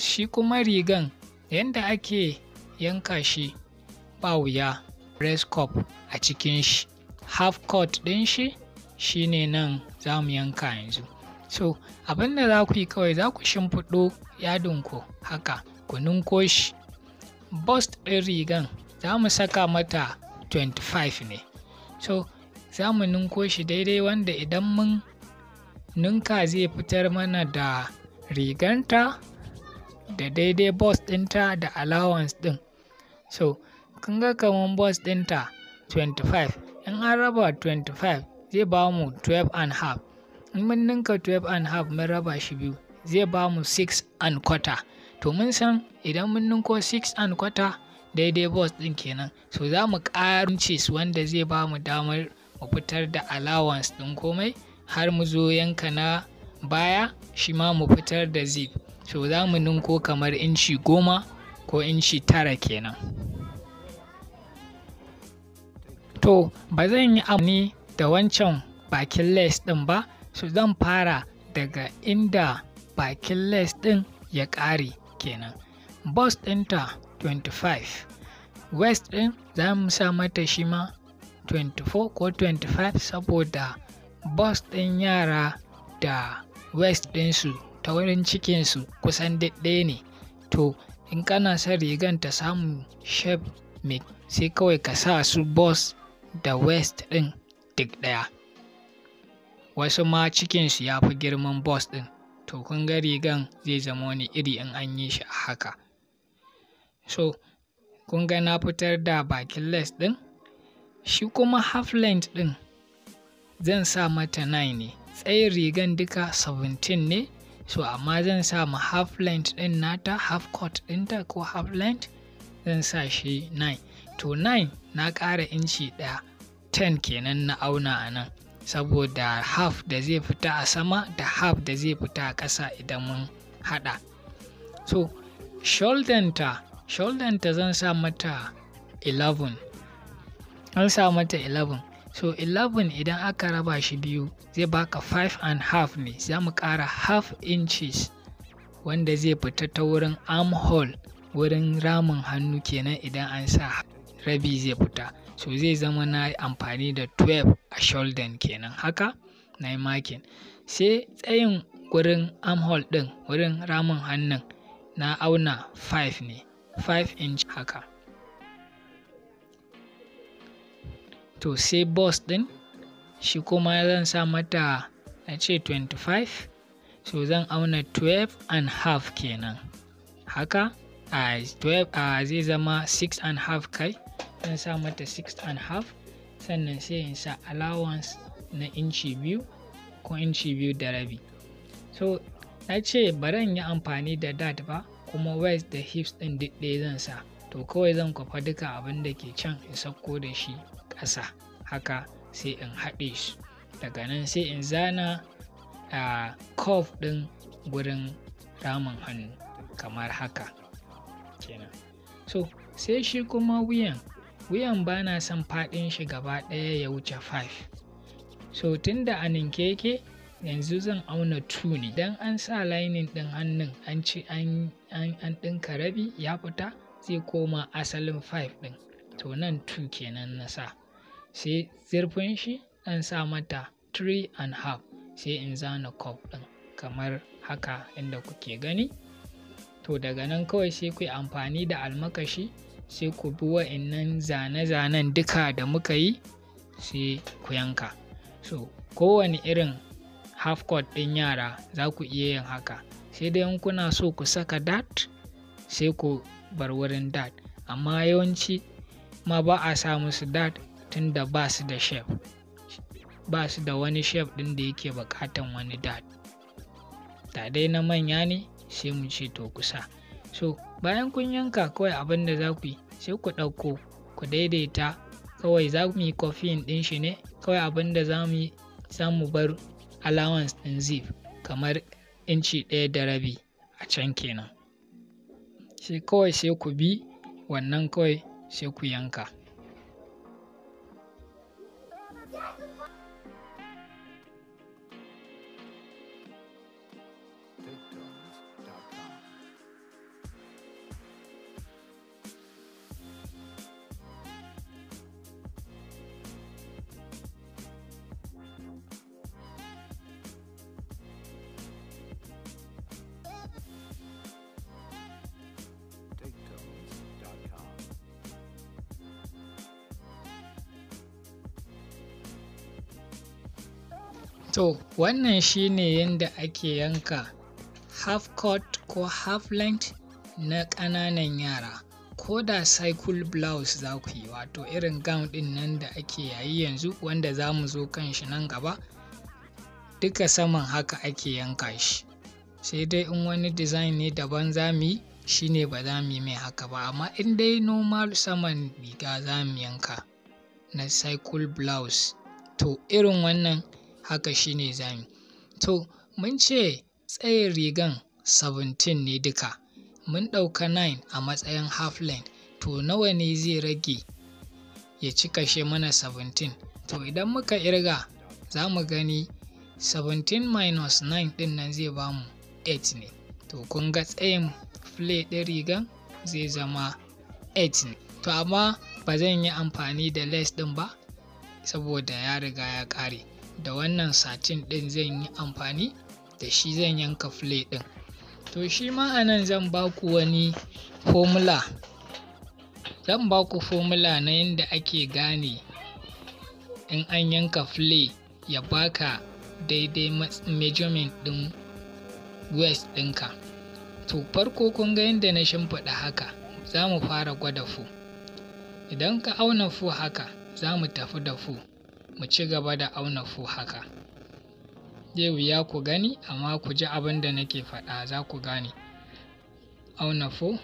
shi kuma rigan yadda ake yanka shi ba wuya press cup a cikin shi half cut ɗin shi shine nan za mu yanka yanzu so abin da za ku yi kawai za ku shimfiɗo yadinku haka ku ninko shi bust ɗin rigan za mu saka mata 25 ne so za mu ninko shi daidai wanda idan mun ninka zai fitar mana da riganta da daidai bus ɗinta da allowance ɗin. So kun ga kaman bus ɗinta 25 in an raba 25 zai ba mu 12 and half in mun ninka 12 and half mun raba shi biyu zai ba mu 6 and quarter to mun san idan mun ninko 6 and quarter daidai bus ɗin kenan so za mu ƙaruncis wanda zai ba mu damar mu fitar da allowance ɗin komai har mu zo yanka na baya shi ma mu fitar da zip so za mu ninko kamar inci goma ko inci tara kenan to ba zan yi amfani da wancan bakin les ɗin ba so zan fara daga inda bakin les ɗin ya ƙare kenan bus ɗinta 25 west ɗin za mu sa mata shi ma 24 ko 25 saboda bus ɗin yara da west ɗinsu taurin cikinsu kusan daɗe ne to in kana son rigan ta samu shape mai sai kawai ka sa su bus da west ɗin duk ɗaya wasu ma cikinsu ya fi girman bus ɗin to kun ga rigan zai zama wani iri in an yi shi a haka so kun ga na fitar da bakin les ɗin shi kuma half length ɗin zan sa mata 9 ne tsayin rigan duka 17 ne so amma zan sa ma half length din nata half cut ɗinta ko half length zan sa shi 9 to 9 na ƙara inci ɗaya 10 kenan na auna a nan saboda half da zai fita a sama da half da zai fita a ƙasa idan mun haɗa so shouldanta shouldanta zan sa mata 11 an sa mata 11 so 11 idan aka raba shi biyu zai baka 5 and half ne za mu ƙara half inches wanda zai fita ta wurin armhole wurin ramin hannu kenan idan an sa rabi zai fita so zai zama na amfani da 12 a shoulder kenan haka na yi makin sai tsayin wurin armhole ɗin wurin ramin hannun na auna 5 ne 5 inch haka to sai boss din shi kuma zan sa mata a ce 25 so zan auna 12 and half kenan haka a 12 zai zama 6 and half kai zan sa mata 6 and half sannan sai in sa allowance na inci biyu ko inci biyu da rabi so na ce bari yi amfani da dat ba kuma west da hips din duk zan sa to kawai zan kwafa duka abin da ke can in sauko da shi ƙasa haka sai in haɗe su daga nan sai in zana a kof ɗin gurin ramin hannu kamar haka kenan so sai shi kuma wuyan wuyan ba na son faɗin shi gaba ɗaya ya wuce 5 so da a ninke yanzu zan auna 2 ne don an sa lainin ɗin hannun an ci an ɗinka rabi ya fita zai koma asalin 5 ɗin to nan 2 kenan na sa sai zurfin shi ɗan sa mata 3 and half sai in zana cup ɗin kamar haka inda kuke gani to daga nan kawai sai ku amfani da almakashi sai ku bi wa'innan zane-zanen duka da muka yi sai ku yanka so kowane irin half court ɗin yara za ku iya yin haka sai dai kuna so ku saka dart sai ku bar wurin dad amma yawanci ma ba a sa musu dad tunda ba su da shef ba su da wani shef ɗin da yake bukatan wani dad da dai na manya ne sai mu ce to kusa so bayan kun yanka kawai abin da za ku yi sai ku ɗauko ku daidaita kawai za mu yi kofin ɗin shi ne kawai abin da za mu yi za mu bar allowance ɗin zip kamar inci ɗaya da rabi a can kenan sai kawai sai ku bi wannan kawai sai ku yanka. To wannan shi ne yadda ake yanka half cut ko half length na ƙananan yara. Ko da cycle blouse za ku yi wato irin gown ɗin nan da ake yayi yanzu wanda za mu zo kan shi nan gaba duka saman haka ake yanka shi. Sai dai in wani design ne daban za mu yi shi ne ba za mu yi mai haka ba amma in dai normal saman riga za mu yanka na cycle blouse to irin wannan haka shi ne zami, To mun ce tsayin rigan 17 ne duka. Mun ɗauka nine a matsayin half length to nawa ne zai rage ya ci kashe mana seventeen? To idan muka irga za mu gani seventeen minus nine ɗin nan zai bamu eight ne. To kun ga tsayin plait ɗin rigan zai zama eight ne. To amma ba zan yi amfani da lace ɗin ba saboda ya riga ya ƙare. da wannan satin ɗin zan yi amfani da shi zan yanka fillet ɗin to shi ma a nan zan baku ku wani formula zan baku formula na yadda ake gane in an yanka fillet ya baka daidai measurement ɗin waist ɗinka to farko kun ga yadda na shimfiɗa haka za mu fara gwada fu idan ka auna fu haka za mu tafi da fu mu ci gaba da auna fu haka. Zai wuya ku gani amma ku ji abin da nake faɗa za ku gane. Auna fu,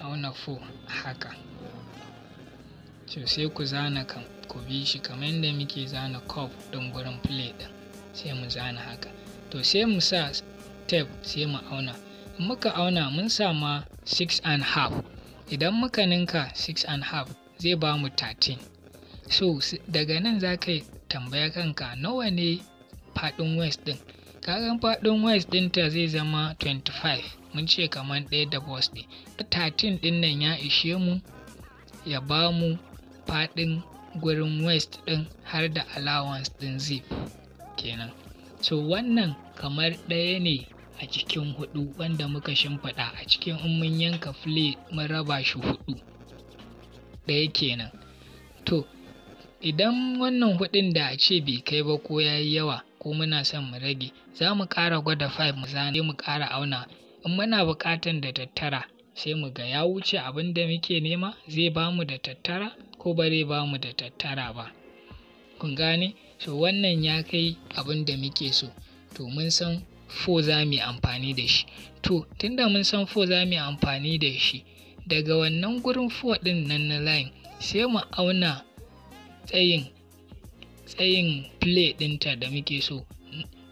auna fu haka. To sai ku zana kan ku bi shi kamar yadda muke zana cup ɗin gurin plate ɗin sai mu zana haka. To sai mu sa tape sai mu auna. In muka auna mun sama 6 and half. Idan muka ninka 6 and half zai ba mu 13. so daga nan za ka tambaya kanka nawa ne faɗin west ɗin kagan faɗin west ɗinta zai zama 25 mun ce kamar ɗaya da boss ne 13 din nan ya ishe mu ya ba mu faɗin gurin west ɗin har da allowance ɗin zip kenan so wannan kamar ɗaya ne a cikin hudu wanda muka shimfiɗa a cikin in mun yanka fule mun raba shi hudu ɗaya kenan to Idan wannan hudin da a ce bai kai ba ko ya yi yawa ko muna son mu rage, za mu ƙara gwada 5 mu zane mu ƙara auna. In muna buƙatar da tattara sai mu ga ya wuce abin da muke nema zai ba mu da tattara ko ba zai ba mu da tattara ba. Kun gane? So wannan ya kai abin da muke so. To mun san fo za mu yi amfani da shi. To tunda mun san fo za mu yi amfani da shi, daga wannan gurin 4 ɗin nan na line sai mu auna tsayin tsayin play ɗinta da muke so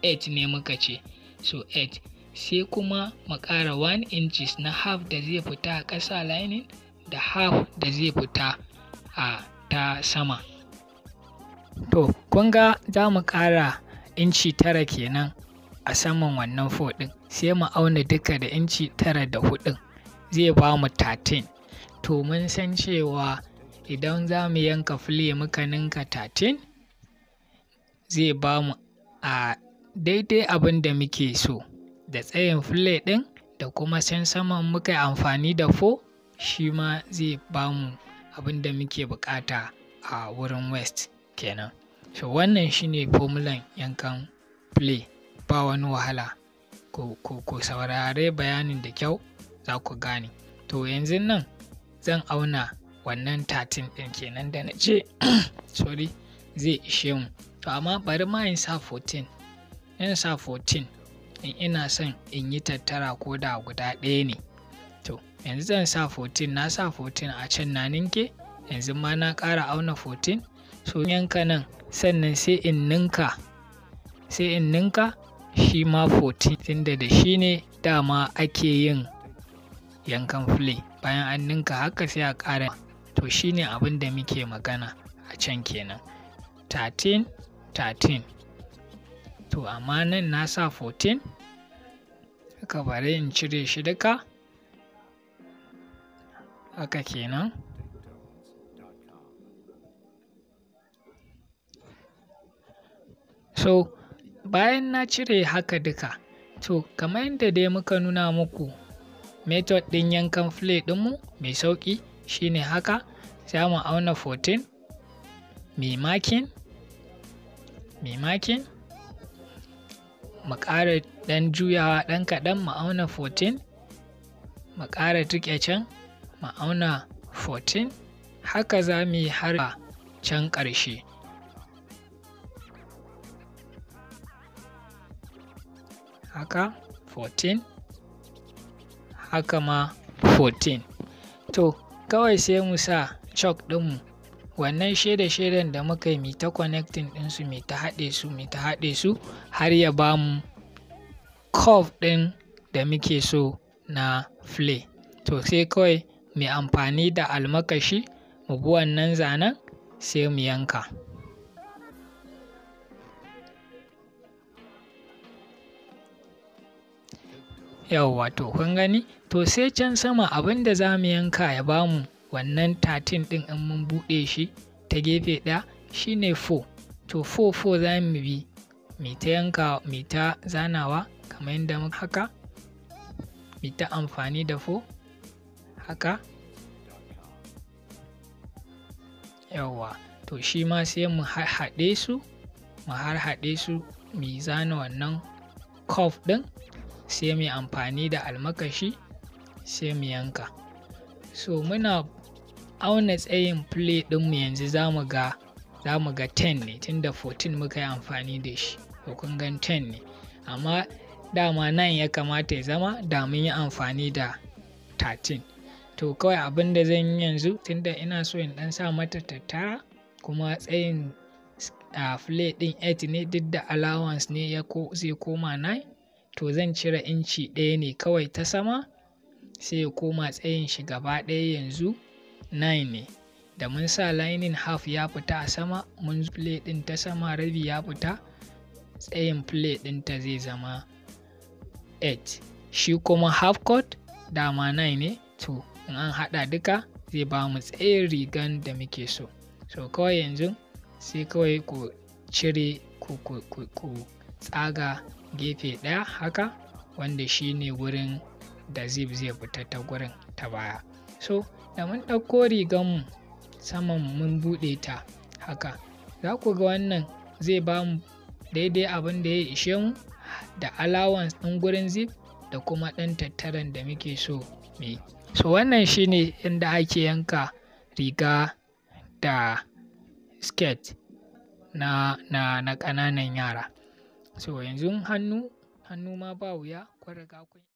8 ne muka ce so 8 sai kuma mu ƙara 1 inches na half da zai fita a ƙasa lining da half da zai fita a ta sama to kunga za mu ƙara inci tara kenan a saman wannan fo sai mu auna duka da inci tara da huɗun zai ba mu 13 to mun san cewa idan za mu yanka fule muka ninka tatin zai ba mu a daidai abin da muke so da tsayin fule ɗin da kuma can saman muka amfani da fo shi ma zai ba mu abin da muke buƙata a wurin west kenan so wannan shine fomulan yankan fule ba wani wahala Ko saurare bayanin da kyau za ku gane to yanzu nan zan auna wannan tatin ɗin kenan da na ce sorry zai ishe mu to amma bari ma in sa 14 in sa 14 in ina son in yi tattara ko da guda ɗaya ne to yanzu zan sa 14 na sa 14 a can na ninke yanzu ma na ƙara auna 14 so yanka nan sannan sai in ninka sai in ninka shi ma 14 tunda da shi ne dama ake yin yankan fule bayan an ninka haka sai a ƙara to shine abin da muke magana a can kenan 13 13 to amma nan na sa 14 haka bari in cire shi duka haka kenan so bayan na cire haka duka to kamar yadda dai muka nuna muku method ɗin yankan fillet ɗinmu mai sauƙi shine haka za mu auna 14 mai makin mai makin mu ƙara ɗan juyawa ɗan kaɗan mu auna 14 mu ƙara tuƙe can mu auna 14 haka za mu yi har can ƙarshe haka 14 haka ma 14 to kawai sai mu sa chalk ɗinmu wannan shaida-shaidan da muka yi mita connecting ɗinsu mai haɗe su mai haɗe su har ya ba mu curve ɗin da muke so na flay to sai kawai mai amfani da almakashi mu bi wannan zanen sai mu yanka yawwa to kun gani to sai can sama abin da za mu yanka ya bamu wannan 13 ɗin in mun buɗe shi ta gefe ɗaya shine 4 to 4 4 za mu bi mai ta yanka mai ta zanawa kamar yadda muka haka mai ta amfani da 4 haka yawwa to shi ma sai mu haɗe su mu haɗe su mu zana wannan cuff ɗin sai mu amfani da almakashi sai mu yanka so muna auna tsayin play ɗinmu yanzu za mu ga za mu ga 10 ne tunda 14 muka yi amfani da shi ko kun gan 10 ne amma dama nan ya kamata ya zama da mun yi amfani da 13 to kawai abin da zan yi yanzu tunda ina so in ɗan sa mata tattara kuma tsayin a uh, ɗin 8 ne duk da allowance ne ya ko zai koma 9 to zan cire inci ɗaya ne kawai ta sama sai ya koma tsayin shi gaba ɗaya yanzu 9 ne da mun sa lining half ya fita a sama mun play ɗin ta sama rabi ya fita tsayin play ɗin ta zai zama 8 shi kuma half court dama 9 ne to in an haɗa duka zai ba mu tsayin rigan da muke so so kawai yanzu sai kawai ku cire ku tsaga gefe ɗaya haka wanda shi ne wurin da zip zai fita ta gurin ta baya so da mun ɗauko rigar mu saman mun buɗe ta haka za ku ga wannan zai ba mu daidai abin da ya ishe mu da allowance ɗin gurin zip da kuma ɗan tattaran da muke so mu so wannan shine inda ake yanka riga da skirt na na na ƙananan yara So yanzu hannu, hannu ma ba wuya kun kun.